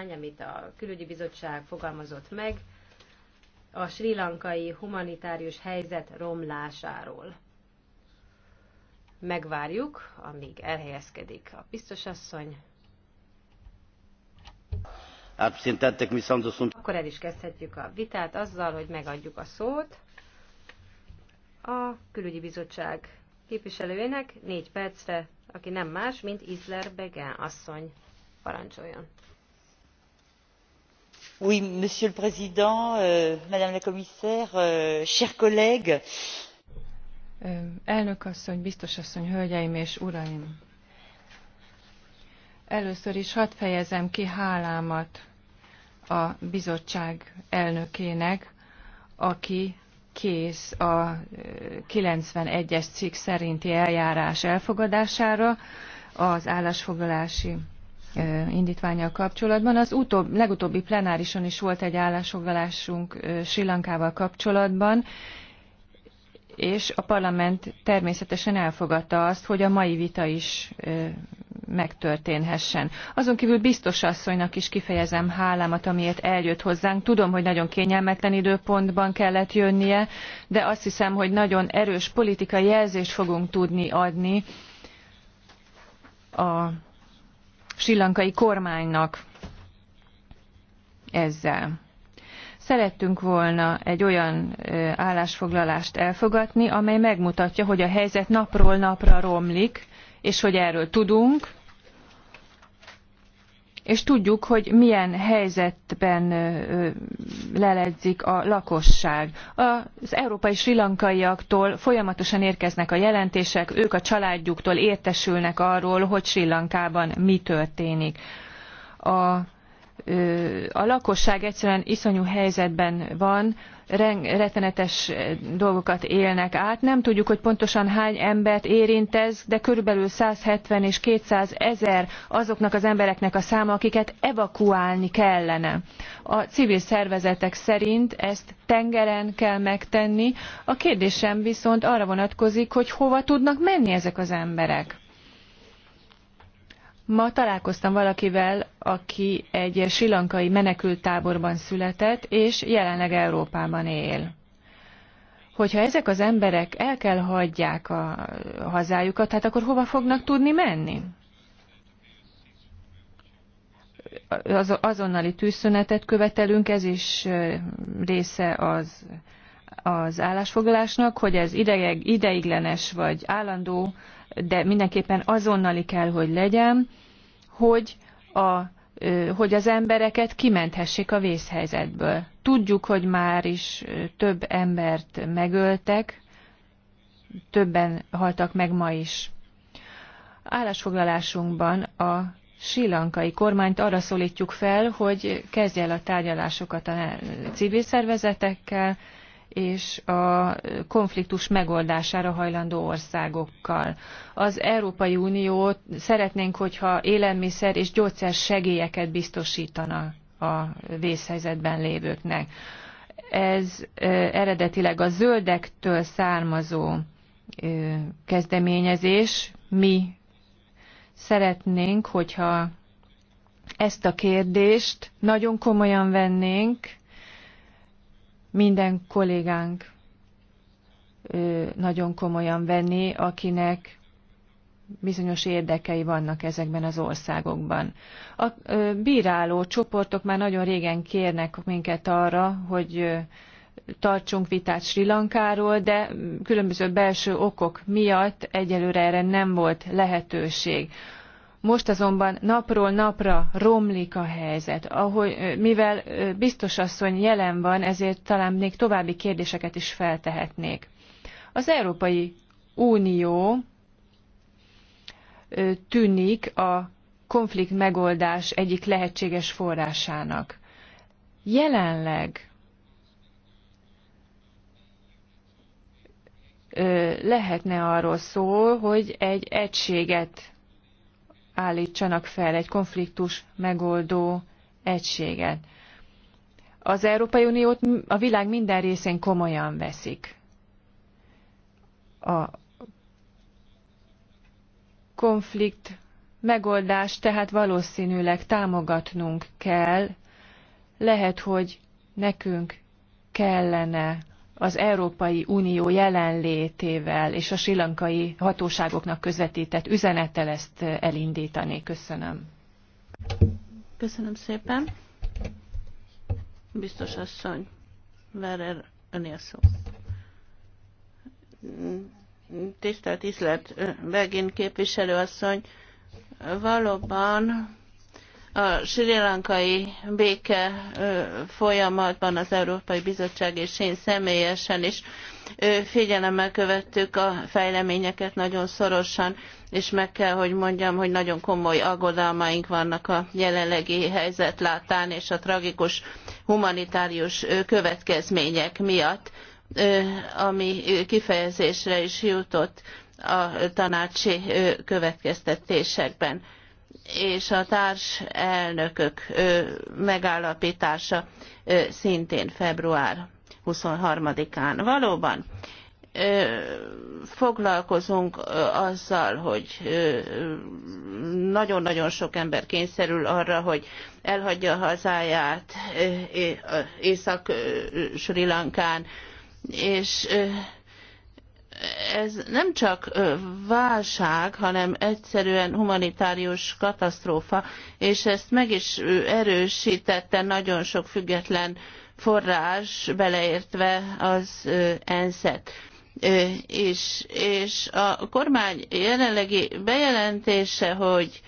irány, amit a külügyi bizottság fogalmazott meg a sri lankai humanitárius helyzet romlásáról. Megvárjuk, amíg elhelyezkedik a biztosasszony. Akkor el is kezdhetjük a vitát azzal, hogy megadjuk a szót a külügyi bizottság képviselőjének négy percre, aki nem más, mint Isler Begen asszony. Parancsoljon! monsieur le président euh, madame la commissaire euh, chers collègues elnök asszony biztos asszony hölgyeim és uraim! először is hadd fejezzem ki hálámat a bizottság elnökének aki kész a ninety one es cikk szerinti eljárás elfogadására az állásfoglalási indítványal kapcsolatban. Az utóbb, legutóbbi plenárison is volt egy állásfoglalásunk Sri Lankával kapcsolatban, és a parlament természetesen elfogadta azt, hogy a mai vita is megtörténhessen. Azon kívül biztos asszonynak is kifejezem hálámat, amiért eljött hozzánk. Tudom, hogy nagyon kényelmetlen időpontban kellett jönnie, de azt hiszem, hogy nagyon erős politikai jelzést fogunk tudni adni a sillankai kormánynak ezzel. Szerettünk volna egy olyan állásfoglalást elfogadni, amely megmutatja, hogy a helyzet napról napra romlik, és hogy erről tudunk, és tudjuk, hogy milyen helyzetben leledzik a lakosság. Az európai sri lankaiaktól folyamatosan érkeznek a jelentések, ők a családjuktól értesülnek arról, hogy Sri Lankában mi történik. A a lakosság egyszerűen iszonyú helyzetben van, rettenetes dolgokat élnek át. Nem tudjuk, hogy pontosan hány embert érint ez, de körülbelül 170 és 200 ezer azoknak az embereknek a száma, akiket evakuálni kellene. A civil szervezetek szerint ezt tengeren kell megtenni. A kérdésem viszont arra vonatkozik, hogy hova tudnak menni ezek az emberek Ma találkoztam valakivel, aki egy silankai menekültáborban született, és jelenleg Európában él. Hogyha ezek az emberek el kell hagyják a hazájukat, hát akkor hova fognak tudni menni? Az, azonnali tűzszünetet követelünk, ez is része az, az állásfoglalásnak, hogy ez ideig, ideiglenes vagy állandó de mindenképpen azonnali kell, hogy legyen, hogy, a, hogy az embereket kimenthessék a vészhelyzetből. Tudjuk, hogy már is több embert megöltek, többen haltak meg ma is. Állásfoglalásunkban a sílankai kormányt arra szólítjuk fel, hogy kezdje el a tárgyalásokat a civil szervezetekkel, és a konfliktus megoldására hajlandó országokkal. Az Európai Unió szeretnénk, hogyha élelmiszer és gyógyszer segélyeket biztosítana a vészhelyzetben lévőknek. Ez eredetileg a zöldektől származó kezdeményezés. Mi szeretnénk, hogyha ezt a kérdést nagyon komolyan vennénk, minden kollégánk nagyon komolyan venni, akinek bizonyos érdekei vannak ezekben az országokban. A bíráló csoportok már nagyon régen kérnek minket arra, hogy tartsunk vitát Sri Lankáról, de különböző belső okok miatt egyelőre erre nem volt lehetőség. Most azonban napról napra romlik a helyzet. Ahogy, mivel biztos asszony jelen van, ezért talán még további kérdéseket is feltehetnék. Az Európai Unió tűnik a konflikt megoldás egyik lehetséges forrásának. Jelenleg lehetne arról szó, hogy egy egységet állítsanak fel egy konfliktus megoldó egységet. Az Európai Uniót a világ minden részén komolyan veszik. A konflikt megoldás. tehát valószínűleg támogatnunk kell, lehet, hogy nekünk kellene az Európai Unió jelenlétével és a silankai hatóságoknak közvetített üzenettel ezt eh, elindítani. Köszönöm. Köszönöm szépen. Biztos asszony, Verer, önél szó. Tisztelt Iszlet, eh, Begin képviselőasszony, valóban a sri lankai béke folyamatban az Európai Bizottság és én személyesen is figyelemmel követtük a fejleményeket nagyon szorosan, és meg kell, hogy mondjam, hogy nagyon komoly aggodalmaink vannak a jelenlegi helyzet látán és a tragikus humanitárius következmények miatt, ami kifejezésre is jutott a tanácsi következtetésekben és a társelnökök megállapítása szintén február 23-án. Valóban foglalkozunk azzal, hogy nagyon-nagyon sok ember kényszerül arra, hogy elhagyja a hazáját Észak-Sri Lankán, és ez nem csak válság, hanem egyszerűen humanitárius katasztrófa, és ezt meg is erősítette nagyon sok független forrás, beleértve az ENSZ-et és, és a kormány jelenlegi bejelentése, hogy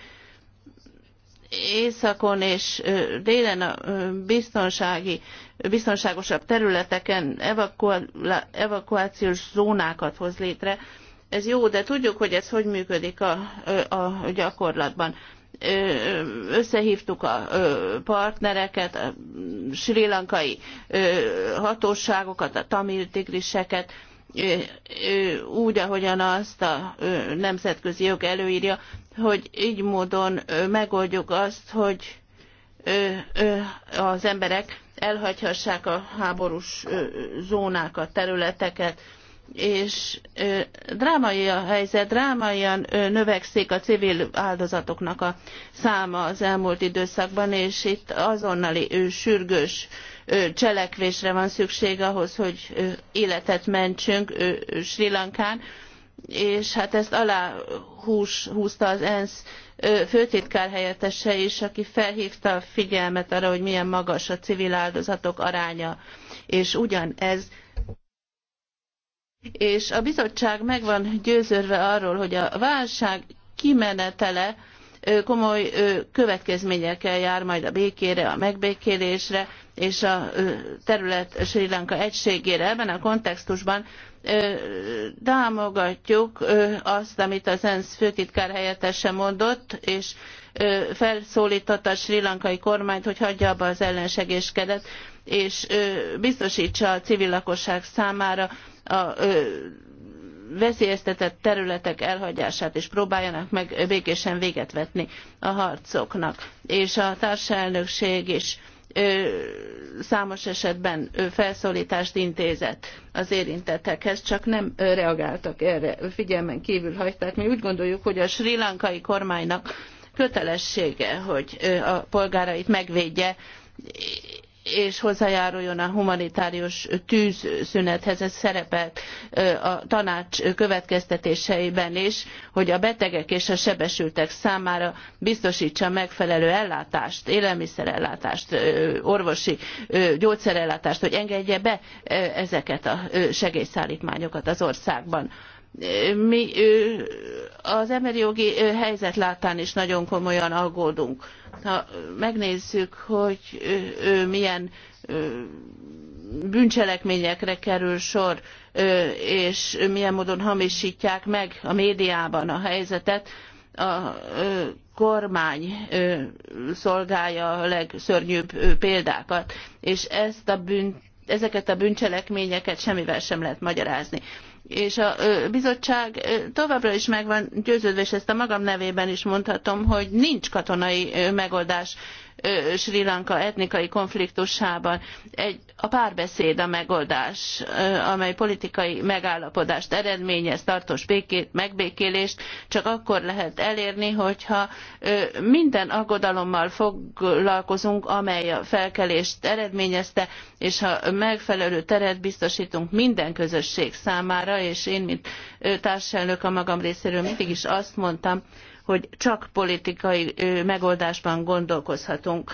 északon és délen a biztonsági biztonságosabb területeken evakuációs zónákat hoz létre. Ez jó, de tudjuk, hogy ez hogy működik a, a gyakorlatban összehívtuk a partnereket, a sri lankai hatóságokat, a tamil tigriseket, úgy, ahogyan azt a nemzetközi jog előírja, hogy így módon megoldjuk azt, hogy az emberek elhagyhassák a háborús zónákat, területeket, és drámai a helyzet, drámaian növekszik a civil áldozatoknak a száma az elmúlt időszakban, és itt azonnali sürgős cselekvésre van szükség ahhoz, hogy életet mentsünk Sri Lankán és hát ezt aláhúzta húzta az ENSZ főtitkárhelyettese helyettese is, aki felhívta a figyelmet arra, hogy milyen magas a civil áldozatok aránya, és ugyanez és a bizottság meg van győződve arról, hogy a válság kimenetele komoly következményekkel jár majd a békére, a megbékélésre és a terület Sri Lanka egységére. Ebben a kontextusban támogatjuk azt, amit az ENSZ főtitkár helyettese mondott, és felszólította a sri lankai kormányt, hogy hagyja abba az ellensegéskedet, és biztostsa a civil lakosság számára a veszélyeztetett területek elhagyását, és próbáljanak meg békésen véget vetni a harcoknak. És a társelnökség is számos esetben felszólítást intézett az érintettekhez, csak nem reagáltak erre, figyelmen kívül hagyták. Mi úgy gondoljuk, hogy a sri lankai kormánynak kötelessége, hogy a polgárait megvédje, és hozzájáruljon a humanitárius tűzszünethez. Ez szerepelt a tanács következtetéseiben is, hogy a betegek és a sebesültek számára biztosítsa megfelelő ellátást, élelmiszerellátást, orvosi gyógyszerellátást, hogy engedje be ezeket a segélyszállítmányokat az országban mi az emberi jogi helyzet láttán is nagyon komolyan aggódunk. Ha megnézzük, hogy milyen bűncselekményekre kerül sor, és milyen módon hamisítják meg a médiában a helyzetet, a kormány szolgálja a legszörnyűbb példákat, és ezt a bűn, ezeket a bűncselekményeket semmivel sem lehet magyarázni és a bizottság továbbra is meg van győződve, és ezt a magam nevében is mondhatom, hogy nincs katonai megoldás Sri Lanka etnikai konfliktusában. Egy, a párbeszéd a megoldás, amely politikai megállapodást eredményez, tartós békét, megbékélést, csak akkor lehet elérni, hogyha minden aggodalommal foglalkozunk, amely a felkelést eredményezte, és ha megfelelő teret biztosítunk minden közösség számára, és én, mint társelnök a magam részéről mindig is azt mondtam, hogy csak politikai megoldásban gondolkozhatunk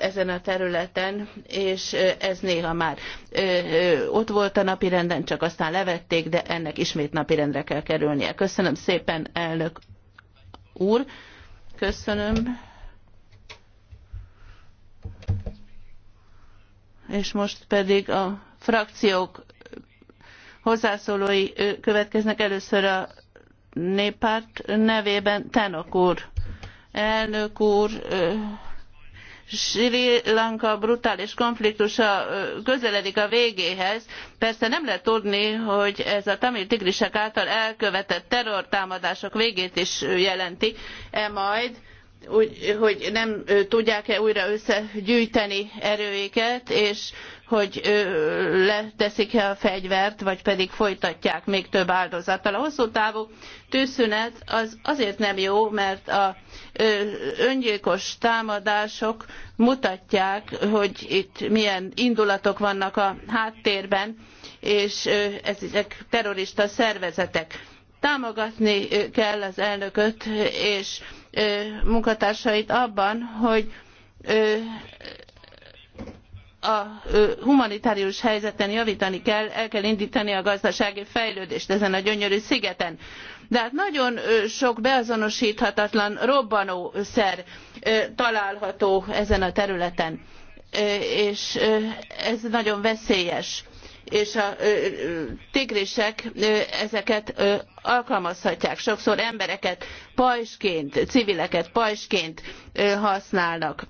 ezen a területen, és ez néha már ott volt a napirenden, csak aztán levették, de ennek ismét napirendre kell kerülnie. Köszönöm szépen, elnök úr. Köszönöm. És most pedig a frakciók hozzászólói következnek először a néppárt nevében Tenok úr. Elnök úr, Sri Lanka brutális konfliktusa közeledik a végéhez. Persze nem lehet tudni, hogy ez a tamil tigrisek által elkövetett terrortámadások végét is jelenti, e majd úgy, hogy nem tudják-e újra összegyűjteni erőiket, és hogy leteszik-e a fegyvert, vagy pedig folytatják még több áldozattal. A hosszú távú tűzszünet az azért nem jó, mert a öngyilkos támadások mutatják, hogy itt milyen indulatok vannak a háttérben, és ezek terrorista szervezetek Támogatni kell az elnököt és munkatársait abban, hogy a humanitárius helyzeten javtani kell el kell indtani a gazdasági fejlődést ezen a gyönyörű szigeten. de hát nagyon sok beazonosthatatlan robbanószer található ezen a területen és ez nagyon veszélyes és a tigrisek ezeket alkalmazhatják. Sokszor embereket pajzsként civileket pajzsként használnak.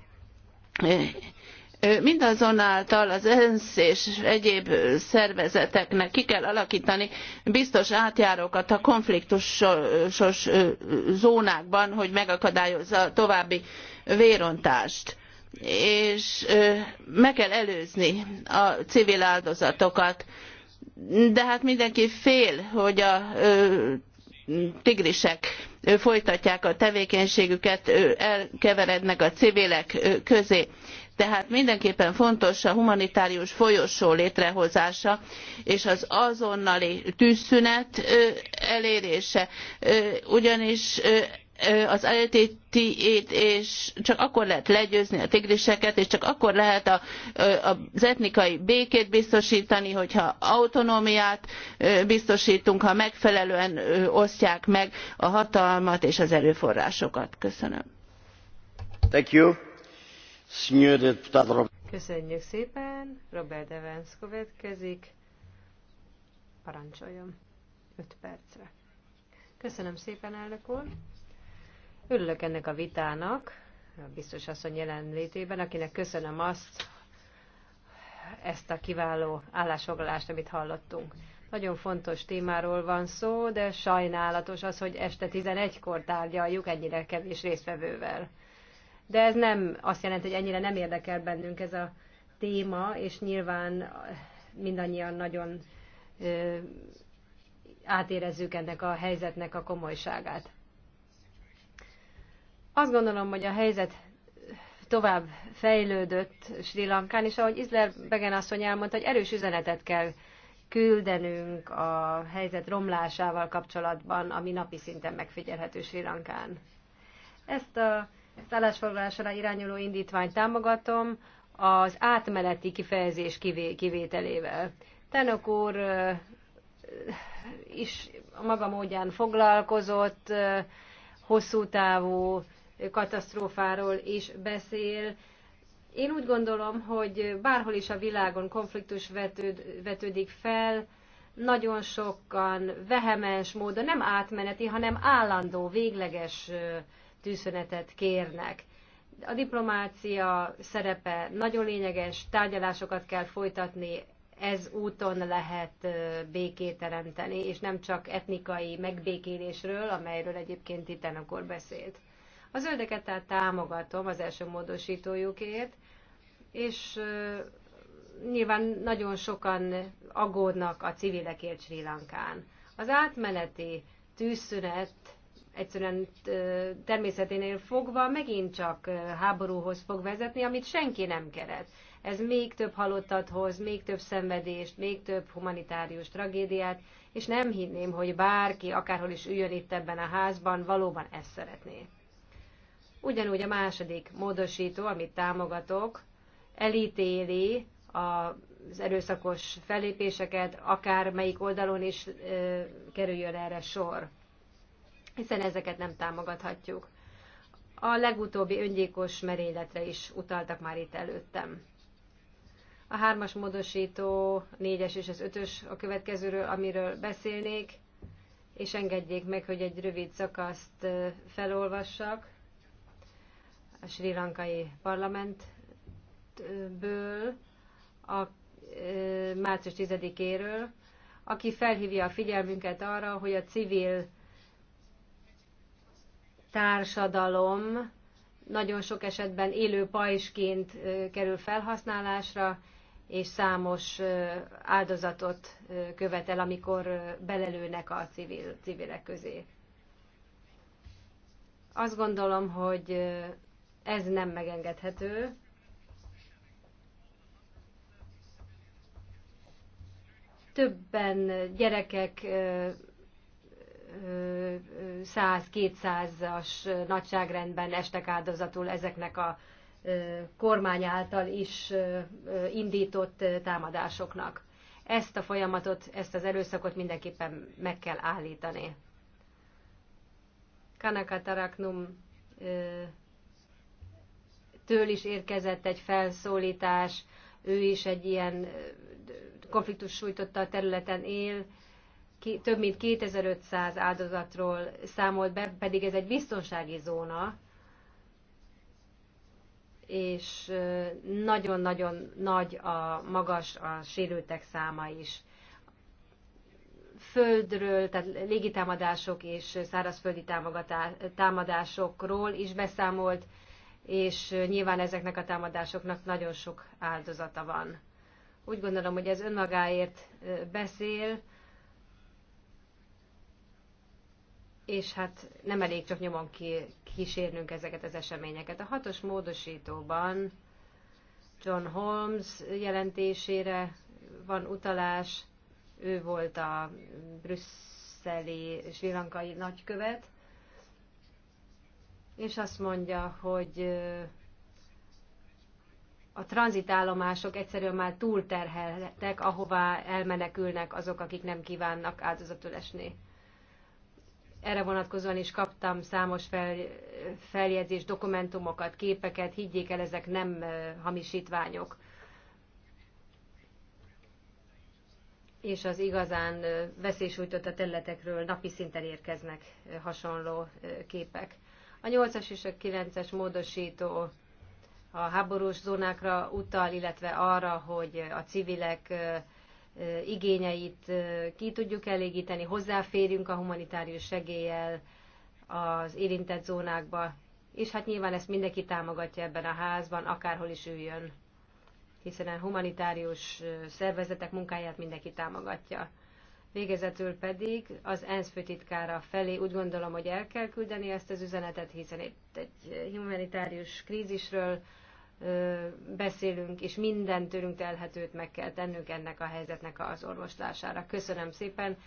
Mindazonáltal az ENSZ és egyéb szervezeteknek ki kell alakítani biztos átjárókat a konfliktusos zónákban, hogy megakadályozza a további vérontást és meg kell előzni a civil áldozatokat. De hát mindenki fél, hogy a tigrisek folytatják a tevékenységüket, elkeverednek a civilek közé tehát mindenképpen fontos a humanitárius folyosó létrehozása és az azonnali tűzszünet elérése ugyanis az LTT-t, és csak akkor lehet legyőzni a tigriseket, és csak akkor lehet a, az etnikai békét biztosítani, hogyha autonómiát biztosítunk, ha megfelelően osztják meg a hatalmat és az erőforrásokat. Köszönöm. Thank you. Köszönjük szépen. Robert Evans következik. Parancsoljon. 5 percre. Köszönöm szépen, elnök úr. Örülök ennek a vitának, a biztos asszony jelenlétében, akinek köszönöm azt, ezt a kiváló állásfoglalást, amit hallottunk. Nagyon fontos témáról van szó, de sajnálatos az, hogy este 11-kor tárgyaljuk ennyire kevés résztvevővel. De ez nem azt jelenti, hogy ennyire nem érdekel bennünk ez a téma, és nyilván mindannyian nagyon ö, átérezzük ennek a helyzetnek a komolyságát. Azt gondolom, hogy a helyzet tovább fejlődött Sri Lankán, és ahogy Izler Begen asszony elmondta, hogy erős üzenetet kell küldenünk a helyzet romlásával kapcsolatban, ami napi szinten megfigyelhető Sri Lankán. Ezt a szállásfoglalásra irányuló indítványt támogatom az átmeneti kifejezés kivételével. Tenok úr is a maga módján foglalkozott hosszú távú katasztrófáról is beszél. Én úgy gondolom, hogy bárhol is a világon konfliktus vetőd, vetődik fel, nagyon sokan vehemens módon, nem átmeneti, hanem állandó, végleges tűzszünetet kérnek. A diplomácia szerepe nagyon lényeges, tárgyalásokat kell folytatni, ez úton lehet békét teremteni, és nem csak etnikai megbékélésről, amelyről egyébként Titenkor beszélt. A zöldeket tehát támogatom az első módosítójukért, és nyilván nagyon sokan aggódnak a civilekért Sri Lankán. Az átmeneti tűzszünet egyszerűen természeténél fogva megint csak háborúhoz fog vezetni, amit senki nem keret. Ez még több halottat hoz, még több szenvedést, még több humanitárius tragédiát, és nem hinném, hogy bárki, akárhol is üljön itt ebben a házban, valóban ezt szeretné. Ugyanúgy a második módosító, amit támogatok, elítéli az erőszakos felépéseket, akár melyik oldalon is ö, kerüljön erre sor, hiszen ezeket nem támogathatjuk. A legutóbbi öngyilkos merényletre is utaltak már itt előttem. A hármas módosító, négyes és az ötös a következőről, amiről beszélnék, és engedjék meg, hogy egy rövid szakaszt felolvassak a Sri Lankai parlamentből, a március 10-éről, aki felhívja a figyelmünket arra, hogy a civil társadalom nagyon sok esetben élő pajsként kerül felhasználásra, és számos áldozatot követel, amikor belelőnek a civil, civilek közé. Azt gondolom, hogy ez nem megengedhető. Többen gyerekek 100-200-as nagyságrendben estek áldozatul ezeknek a kormány által is indított támadásoknak. Ezt a folyamatot, ezt az erőszakot mindenképpen meg kell állítani. Kanakataraknum től is érkezett egy felszólítás, ő is egy ilyen konfliktus sújtotta a területen él, több mint 2500 áldozatról számolt be, pedig ez egy biztonsági zóna, és nagyon-nagyon nagy a magas a sérültek száma is. Földről, tehát légitámadások és szárazföldi támadásokról is beszámolt, és nyilván ezeknek a támadásoknak nagyon sok áldozata van. Úgy gondolom, hogy ez önmagáért beszél, és hát nem elég csak nyomon kísérnünk ezeket az eseményeket. A hatos módosítóban John Holmes jelentésére van utalás, ő volt a brüsszeli sri lankai nagykövet, és azt mondja, hogy a tranzitállomások egyszerűen már túlterheltek, ahová elmenekülnek azok, akik nem kívánnak áldozatul esni. Erre vonatkozóan is kaptam számos fel, feljegyzést, dokumentumokat, képeket, higgyék el, ezek nem hamisítványok. És az igazán veszélysújtott a területekről napi szinten érkeznek hasonló képek. A 8-as és a 9-es módosító a háborús zónákra utal, illetve arra, hogy a civilek igényeit ki tudjuk elégíteni, hozzáférjünk a humanitárius segéllyel az érintett zónákba, és hát nyilván ezt mindenki támogatja ebben a házban, akárhol is üljön, hiszen a humanitárius szervezetek munkáját mindenki támogatja. Végezetül pedig az ENSZ főtitkára felé úgy gondolom, hogy el kell küldeni ezt az üzenetet, hiszen itt egy humanitárius krízisről beszélünk, és minden tőlünk telhetőt meg kell tennünk ennek a helyzetnek az orvoslására. Köszönöm szépen,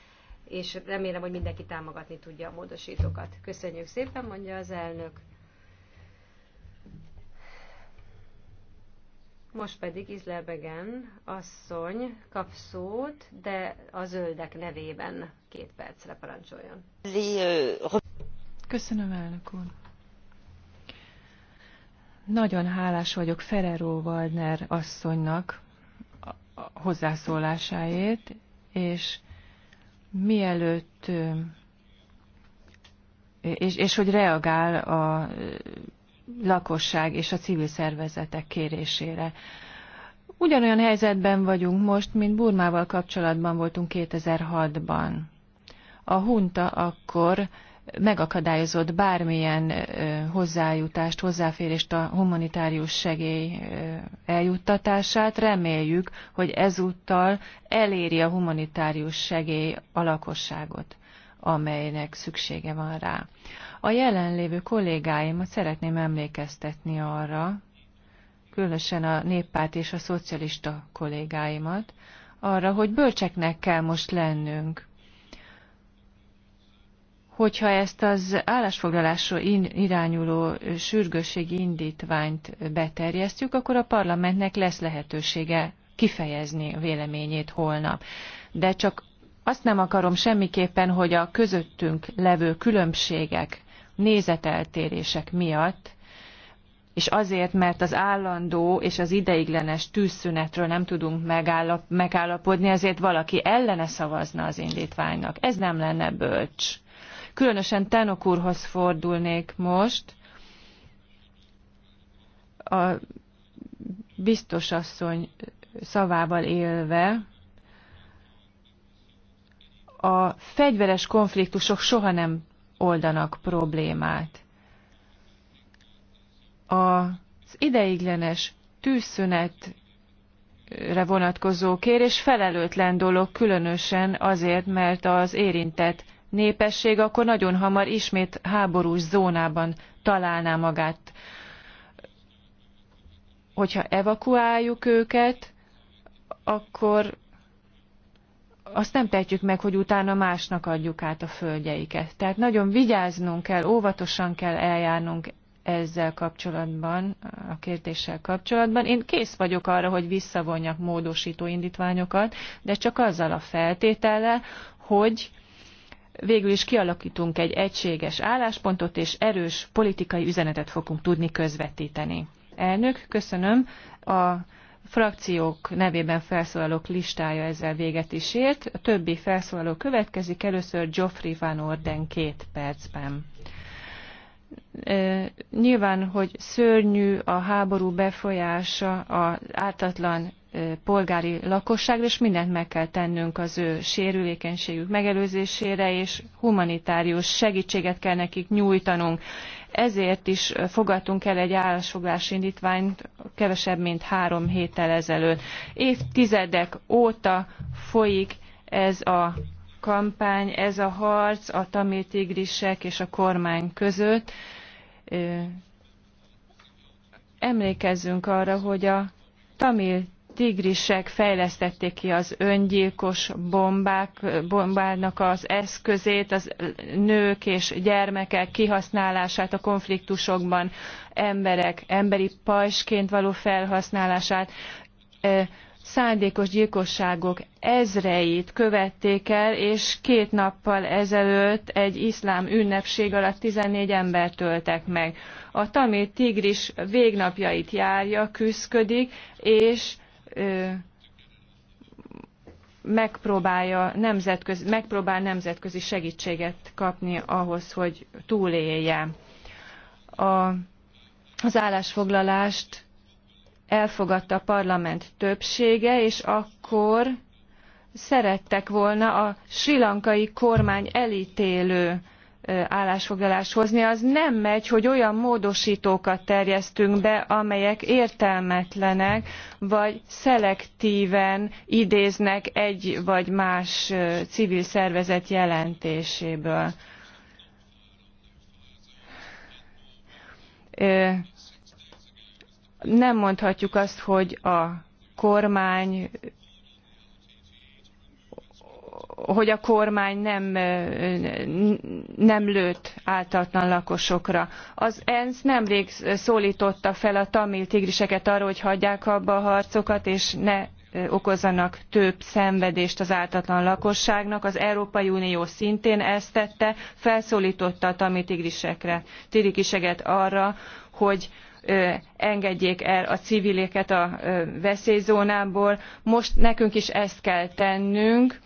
és remélem, hogy mindenki támogatni tudja a módosítókat. Köszönjük szépen, mondja az elnök. Most pedig Izlebegen asszony kap szót, de a zöldek nevében két percre parancsoljon. Köszönöm, elnök úr. Nagyon hálás vagyok Ferrero Waldner asszonynak a hozzászólásáért, és mielőtt és, és hogy reagál a lakosság és a civil szervezetek kérésére. Ugyanolyan helyzetben vagyunk most, mint Burmával kapcsolatban voltunk 2006-ban. A hunta akkor megakadályozott bármilyen hozzájutást, hozzáférést a humanitárius segély eljuttatását. Reméljük, hogy ezúttal eléri a humanitárius segély a lakosságot amelynek szüksége van rá. A jelenlévő kollégáimat szeretném emlékeztetni arra, különösen a néppárt és a szocialista kollégáimat, arra, hogy bölcseknek kell most lennünk. Hogyha ezt az állásfoglalásra irányuló sürgősségi indítványt beterjesztjük, akkor a parlamentnek lesz lehetősége kifejezni véleményét holnap. De csak azt nem akarom semmiképpen, hogy a közöttünk levő különbségek, nézeteltérések miatt, és azért, mert az állandó és az ideiglenes tűzszünetről nem tudunk megállap, megállapodni, ezért valaki ellene szavazna az indítványnak. Ez nem lenne bölcs. Különösen Tenok úrhoz fordulnék most. A biztos asszony szavával élve, a fegyveres konfliktusok soha nem oldanak problémát. Az ideiglenes tűzszünetre vonatkozó kérés felelőtlen dolog különösen azért, mert az érintett népesség akkor nagyon hamar ismét háborús zónában találná magát. Hogyha evakuáljuk őket, akkor azt nem tehetjük meg, hogy utána másnak adjuk át a földjeiket. Tehát nagyon vigyáznunk kell, óvatosan kell eljárnunk ezzel kapcsolatban, a kérdéssel kapcsolatban. Én kész vagyok arra, hogy visszavonjak módosító indítványokat, de csak azzal a feltétele, hogy végül is kialakítunk egy egységes álláspontot, és erős politikai üzenetet fogunk tudni közvetíteni. Elnök, köszönöm. A frakciók nevében felszólalók listája ezzel véget is ért. A többi felszólaló következik, először Geoffrey Van Orden két percben. Nyilván, hogy szörnyű a háború befolyása az ártatlan polgári lakosságra, és mindent meg kell tennünk az ő sérülékenységük megelőzésére, és humanitárius segítséget kell nekik nyújtanunk. Ezért is fogadtunk el egy állásfoglalási indítványt kevesebb, mint három héttel ezelőtt. Évtizedek óta folyik ez a kampány, ez a harc a tamil tigrisek és a kormány között. Emlékezzünk arra, hogy a tamil tigrisek fejlesztették ki az öngyilkos bombák, bombának az eszközét, az nők és gyermekek kihasználását a konfliktusokban, emberek emberi pajsként való felhasználását, szándékos gyilkosságok ezreit követték el, és két nappal ezelőtt egy iszlám ünnepség alatt 14 embert töltek meg. A tamil tigris végnapjait járja, küszködik, és megpróbálja nemzetközi, megpróbál nemzetközi segítséget kapni ahhoz, hogy túlélje. A, az állásfoglalást elfogadta a parlament többsége, és akkor szerettek volna a srilankai kormány elítélő állásfoglalást hozni az nem megy hogy olyan módostókat terjesztünk be amelyek értelmetlenek vagy szelektven idéznek egy vagy más civil szervezet jelentéséből. nem mondhatjuk azt hogy a kormány hogy a kormány nem, nem lőtt áltatlan lakosokra. Az ENSZ nemrég szólította fel a tamil tigriseket arra, hogy hagyják abba a harcokat, és ne okozzanak több szenvedést az áltatlan lakosságnak. Az Európai Unió szintén ezt tette, felszólította a tamil tigrisekre, tigriseket arra, hogy engedjék el a civiléket a veszélyzónából. Most nekünk is ezt kell tennünk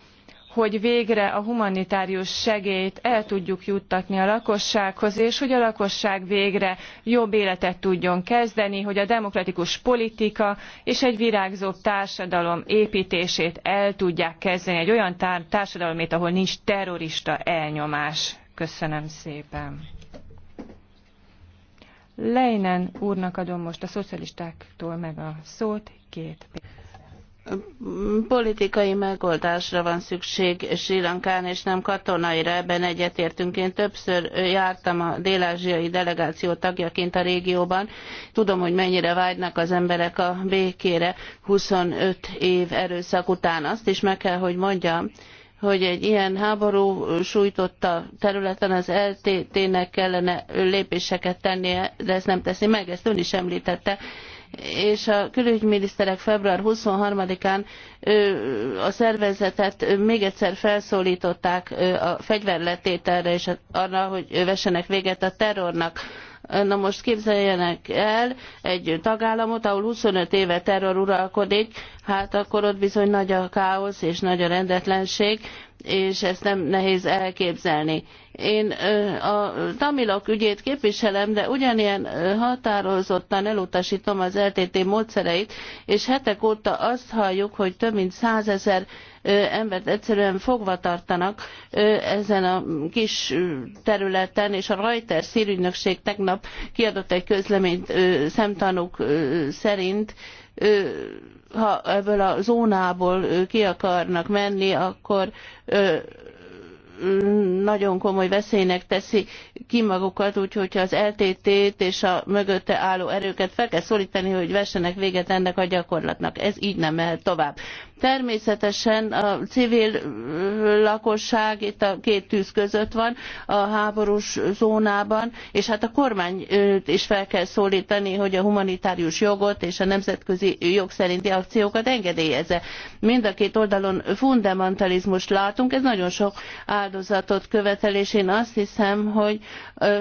hogy végre a humanitárius segélyt el tudjuk juttatni a lakossághoz, és hogy a lakosság végre jobb életet tudjon kezdeni, hogy a demokratikus politika és egy virágzóbb társadalom építését el tudják kezdeni, egy olyan társadalomét, ahol nincs terrorista elnyomás. Köszönöm szépen. Leinen úrnak adom most a szocialistáktól meg a szót két politikai megoldásra van szükség Sri Lankán, és nem katonaira, ebben egyetértünk. Én többször jártam a dél-ázsiai delegáció tagjaként a régióban. Tudom, hogy mennyire vágynak az emberek a békére 25 év erőszak után. Azt is meg kell, hogy mondjam, hogy egy ilyen háború sújtotta területen az LTT-nek kellene lépéseket tennie, de ezt nem teszi meg, ezt ön is említette és a külügyminiszterek február 23-án a szervezetet még egyszer felszólították a fegyverletételre és arra, hogy vessenek véget a terrornak. Na most képzeljenek el egy tagállamot, ahol 25 éve terror uralkodik, hát akkor ott bizony nagy a káosz és nagy a rendetlenség, és ezt nem nehéz elképzelni. Én a tamilok ügyét képviselem, de ugyanilyen határozottan elutasítom az LTT módszereit, és hetek óta azt halljuk, hogy több mint százezer embert egyszerűen fogva tartanak ezen a kis területen, és a Reuters szírügynökség tegnap kiadott egy közleményt szemtanúk szerint ha ebből a zónából ki akarnak menni, akkor nagyon komoly veszélynek teszi ki magukat, úgyhogy az LTT-t és a mögötte álló erőket fel kell szólítani, hogy vessenek véget ennek a gyakorlatnak. Ez így nem mehet tovább. Természetesen a civil lakosság itt a két tűz között van a háborús zónában, és hát a kormány is fel kell szólítani, hogy a humanitárius jogot és a nemzetközi jog szerinti akciókat engedélyezze. Mind a két oldalon fundamentalizmust látunk, ez nagyon sok áldozatot követel, és én azt hiszem, hogy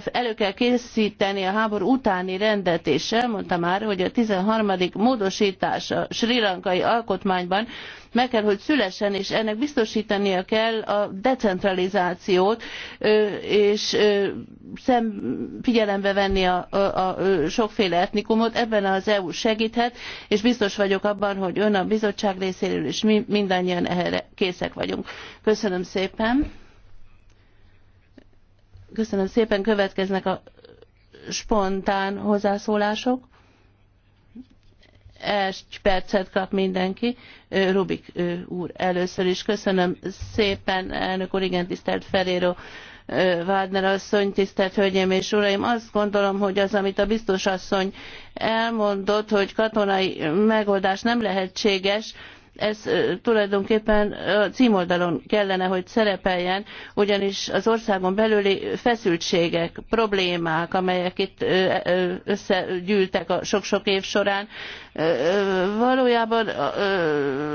elő kell készíteni a háború utáni rendet, és már, hogy a 13. módosítás a sri lankai alkotmányban meg kell, hogy szülessen, és ennek biztosítania kell a decentralizációt, és szem, figyelembe venni a, a, a sokféle etnikumot. Ebben az EU segíthet, és biztos vagyok abban, hogy ön a bizottság részéről is mi mindannyian erre készek vagyunk. Köszönöm szépen. Köszönöm szépen, következnek a spontán hozzászólások egy percet kap mindenki. Rubik úr, először is köszönöm szépen, elnök úr, igen, tisztelt Ferrero. Wagner asszony, tisztelt Hölgyeim és Uraim, azt gondolom, hogy az, amit a biztos asszony elmondott, hogy katonai megoldás nem lehetséges, ez tulajdonképpen a címoldalon kellene, hogy szerepeljen, ugyanis az országon belüli feszültségek, problémák, amelyek itt összegyűltek a sok-sok év során, valójában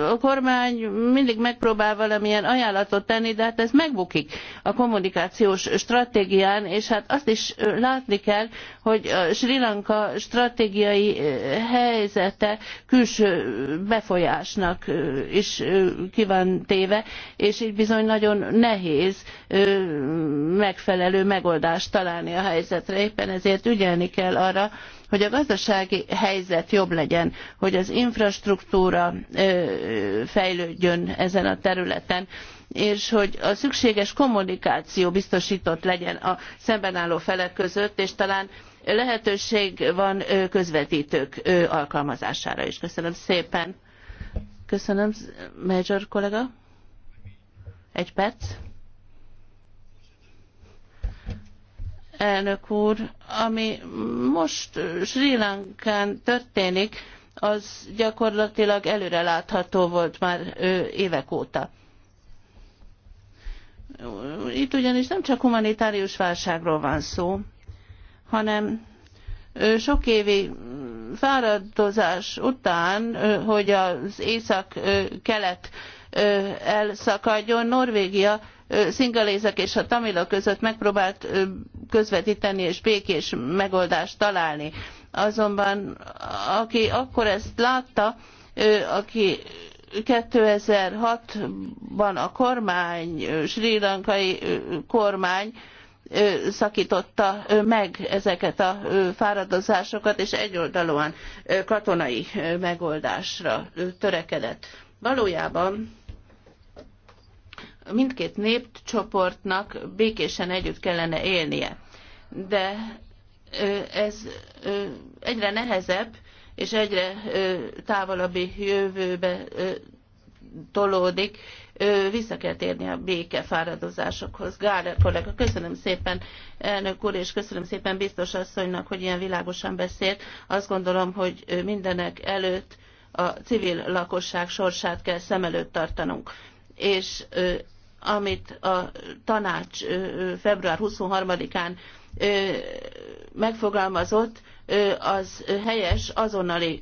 a kormány mindig megpróbál valamilyen ajánlatot tenni, de hát ez megbukik a kommunikációs stratégián, és hát azt is látni kell, hogy a Sri Lanka stratégiai helyzete külső befolyásnak is ki van téve, és így bizony nagyon nehéz megfelelő megoldást találni a helyzetre. Éppen ezért ügyelni kell arra, hogy a gazdasági helyzet jobb legyen, hogy az infrastruktúra fejlődjön ezen a területen, és hogy a szükséges kommunikáció biztosított legyen a szemben álló felek között, és talán lehetőség van közvetítők alkalmazására is. Köszönöm szépen! Köszönöm, Major kollega. Egy perc. Elnök úr, ami most Sri Lankán történik, az gyakorlatilag előrelátható volt már évek óta. Itt ugyanis nem csak humanitárius válságról van szó, hanem sok évi fáradozás után, hogy az észak-kelet elszakadjon, Norvégia szingalézek és a tamilok között megpróbált közvetíteni és békés megoldást találni. Azonban aki akkor ezt látta, aki 2006-ban a kormány, sri lankai kormány szaktotta meg ezeket a fáradozásokat, és egyoldalúan katonai megoldásra törekedett. Valójában mindkét népcsoportnak békésen együtt kellene élnie, de ez egyre nehezebb, és egyre távolabbi jövőbe tolódik, vissza kell térni a béke fáradozásokhoz. Gáler kollega, köszönöm szépen elnök úr, és köszönöm szépen biztos asszonynak, hogy ilyen világosan beszélt. Azt gondolom, hogy mindenek előtt a civil lakosság sorsát kell szem előtt tartanunk. És amit a tanács február 23-án megfogalmazott, az helyes, azonnali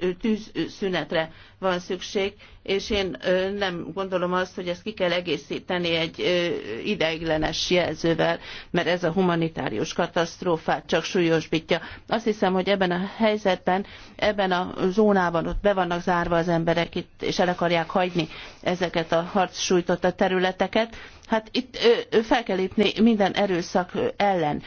tűzszünetre van szükség, és én nem gondolom azt, hogy ezt ki kell egészíteni egy ideiglenes jelzővel, mert ez a humanitárius katasztrófát csak súlyosbítja. Azt hiszem, hogy ebben a helyzetben, ebben a zónában ott be vannak zárva az emberek, itt, és el akarják hagyni ezeket a harc sújtotta területeket. Hát itt fel kell lépni minden erőszak ellen,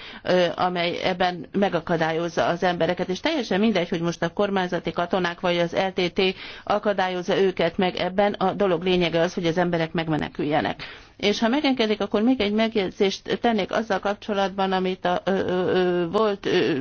amely ebben megakadályozza az embereket őket, és teljesen mindegy, hogy most a kormányzati katonák vagy az LTT akadályozza őket meg ebben, a dolog lényege az, hogy az emberek megmeneküljenek és ha megengedik, akkor még egy megjegyzést tennék azzal kapcsolatban, amit a ö, ö, volt, ö,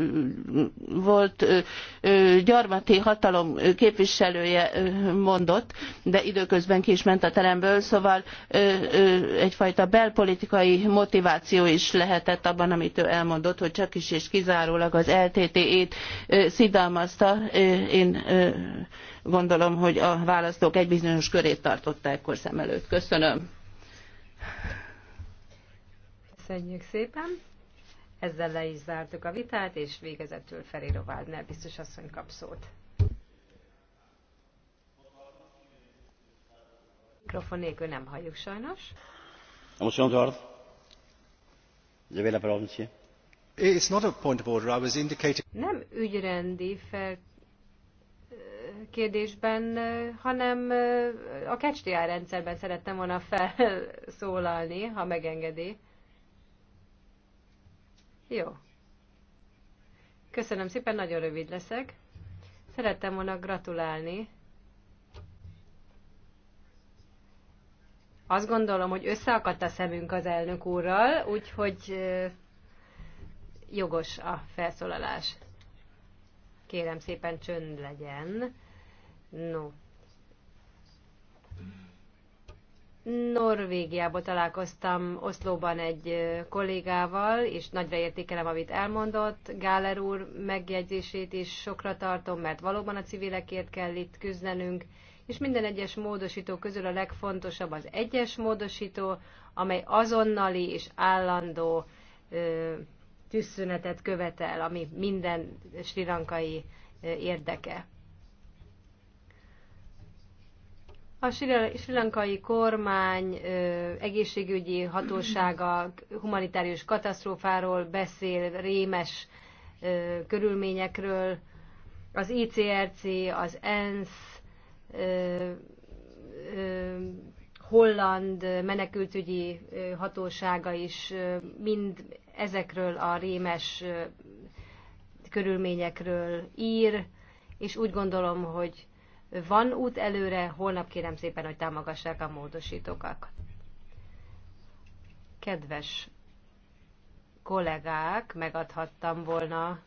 volt ö, ö, gyarmati hatalom képviselője mondott, de időközben ki is ment a teremből, szóval ö, ö, egyfajta belpolitikai motiváció is lehetett abban, amit ő elmondott, hogy csak is és kizárólag az ltt ét szidalmazta. Én ö, gondolom, hogy a választók egy bizonyos körét tartották akkor szem előtt. Köszönöm. Köszönjük szépen! Ezzel le is zártuk a vitát, és végezetül Feri Rovádnál biztos asszony kap szót. Mikrofon nélkül nem halljuk sajnos. It's not a point of order. I was indicating... Nem ügyrendi fel kérdésben, eh, hanem eh, a kecsdiá rendszerben szerettem volna felszólalni, ha megengedi. Jó. Köszönöm szépen, nagyon rövid leszek. Szerettem volna gratulálni. Azt gondolom, hogy összeakadt a szemünk az elnök úrral, úgyhogy eh, jogos a felszólalás. Kérem szépen csönd legyen. No. Norvégiába találkoztam Oszlóban egy kollégával, és nagyra értékelem, amit elmondott. Gáler úr megjegyzését is sokra tartom, mert valóban a civilekért kell itt küzdenünk, és minden egyes módosító közül a legfontosabb az egyes módosító, amely azonnali és állandó ö, tűzszünetet követel, ami minden srilankai érdeke. A lankai kormány egészségügyi hatósága humanitárius katasztrófáról beszél, rémes körülményekről. Az ICRC, az ENSZ, holland menekültügyi hatósága is mind ezekről a rémes körülményekről ír, és úgy gondolom, hogy van út előre, holnap kérem szépen, hogy támogassák a módosítókat. Kedves kollégák, megadhattam volna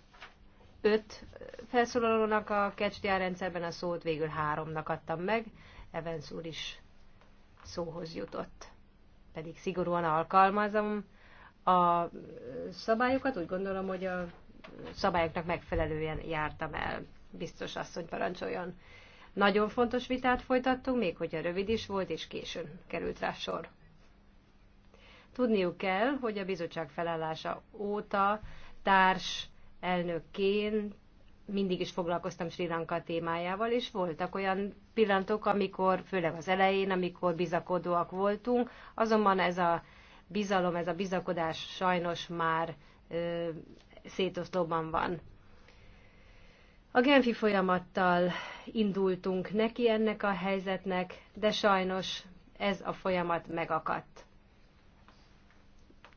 öt felszólalónak a kecsdiá rendszerben a szót, végül háromnak adtam meg, Evans úr is szóhoz jutott. Pedig szigorúan alkalmazom a szabályokat, úgy gondolom, hogy a szabályoknak megfelelően jártam el. Biztos asszony parancsoljon. Nagyon fontos vitát folytattunk, még hogyha rövid is volt, és későn került rá sor. Tudniuk kell, hogy a bizottság felállása óta társ elnökként mindig is foglalkoztam Sri Lanka témájával, és voltak olyan pillanatok, amikor, főleg az elején, amikor bizakodóak voltunk, azonban ez a bizalom, ez a bizakodás sajnos már ö, szétoszlóban van. A Genfi folyamattal indultunk neki ennek a helyzetnek, de sajnos ez a folyamat megakadt.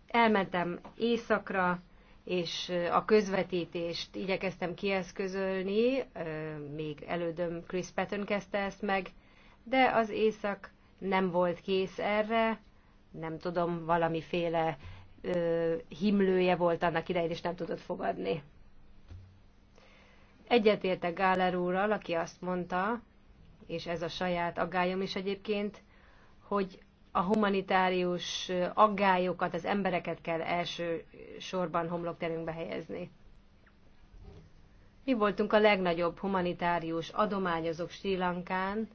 Elmentem éjszakra, és a közvetítést igyekeztem kieszközölni, még elődöm Chris Patton kezdte ezt meg, de az éjszak nem volt kész erre, nem tudom, valamiféle himlője volt annak idején, és nem tudott fogadni. Egyetértek Gáler úrral, aki azt mondta, és ez a saját aggályom is egyébként, hogy a humanitárius aggályokat, az embereket kell első sorban homlokterünkbe helyezni. Mi voltunk a legnagyobb humanitárius adományozók Sri Lankán,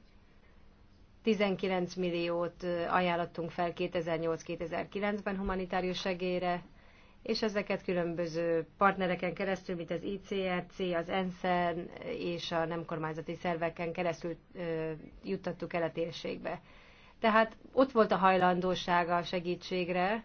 19 milliót ajánlottunk fel 2008-2009-ben humanitárius segélyre, és ezeket különböző partnereken keresztül, mint az ICRC, az ENSZEN és a nem kormányzati szerveken keresztül juttattuk el a térségbe. Tehát ott volt a hajlandósága a segítségre,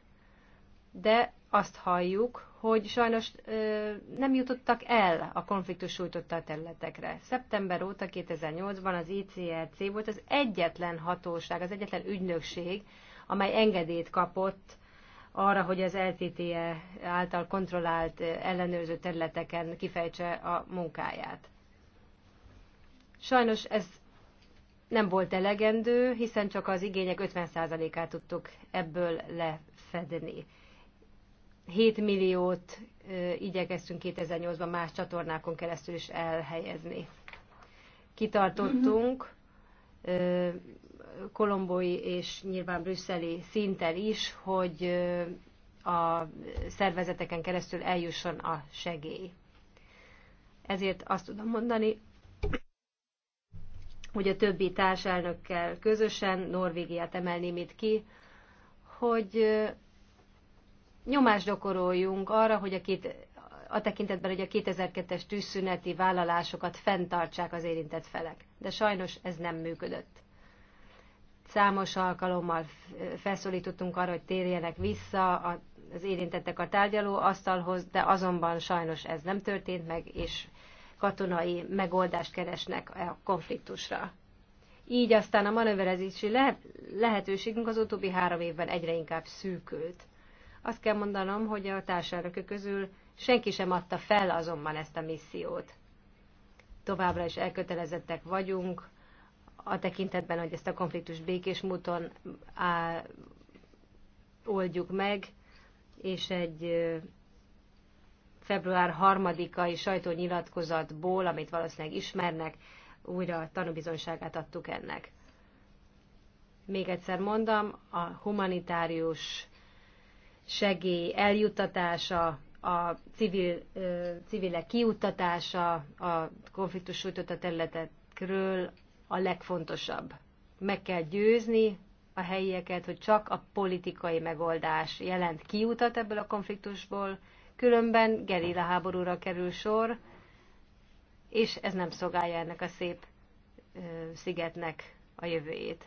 de azt halljuk, hogy sajnos ö, nem jutottak el a konfliktus sújtotta a területekre. Szeptember óta 2008-ban az ICRC volt az egyetlen hatóság, az egyetlen ügynökség, amely engedélyt kapott arra, hogy az LTTE által kontrollált eh, ellenőrző területeken kifejtse a munkáját. Sajnos ez nem volt elegendő, hiszen csak az igények 50%-át tudtuk ebből lefedni. 7 milliót eh, igyekeztünk 2008-ban más csatornákon keresztül is elhelyezni. Kitartottunk, kolombói és nyilván brüsszeli szinten is, hogy a szervezeteken keresztül eljusson a segély. Ezért azt tudom mondani, hogy a többi társelnökkel közösen Norvégiát emelném itt ki, hogy nyomást gyakoroljunk arra, hogy a két a tekintetben, hogy a 2002-es tűzszüneti vállalásokat fenntartsák az érintett felek. De sajnos ez nem működött. Számos alkalommal felszólítottunk arra, hogy térjenek vissza az érintettek a tárgyaló asztalhoz, de azonban sajnos ez nem történt meg, és katonai megoldást keresnek a konfliktusra. Így aztán a manőverezési lehetőségünk az utóbbi három évben egyre inkább szűkült. Azt kell mondanom, hogy a társadalmak közül Senki sem adta fel azonban ezt a missziót. Továbbra is elkötelezettek vagyunk a tekintetben, hogy ezt a konfliktus békés módon oldjuk meg, és egy február harmadikai sajtónyilatkozatból, amit valószínűleg ismernek, újra tanúbizonyságát adtuk ennek. Még egyszer mondom, a humanitárius segély eljuttatása a civil, civilek kiuttatása a konfliktus sújtotta területekről a legfontosabb. Meg kell győzni a helyieket, hogy csak a politikai megoldás jelent kiutat ebből a konfliktusból, különben gerilla háborúra kerül sor, és ez nem szolgálja ennek a szép ö, szigetnek a jövőjét.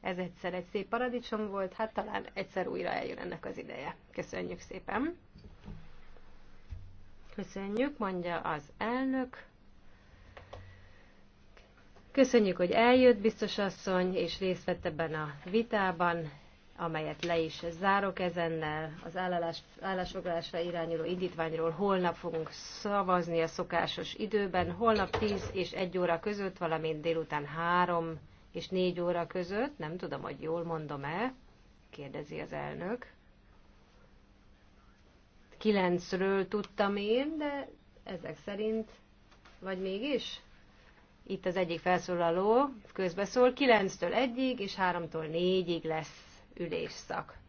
Ez egyszer egy szép paradicsom volt, hát talán egyszer újra eljön ennek az ideje. Köszönjük szépen! Köszönjük, mondja az elnök. Köszönjük, hogy eljött biztos asszony, és részt vett ebben a vitában, amelyet le is zárok ezennel. Az állás, állásfoglalásra irányuló indítványról holnap fogunk szavazni a szokásos időben, holnap 10 és 1 óra között, valamint délután 3 és 4 óra között, nem tudom, hogy jól mondom-e, kérdezi az elnök. 9-ről tudtam én, de ezek szerint, vagy mégis? Itt az egyik felszólaló közbeszól, 9-től 1-ig és 3-tól 4-ig lesz ülésszak.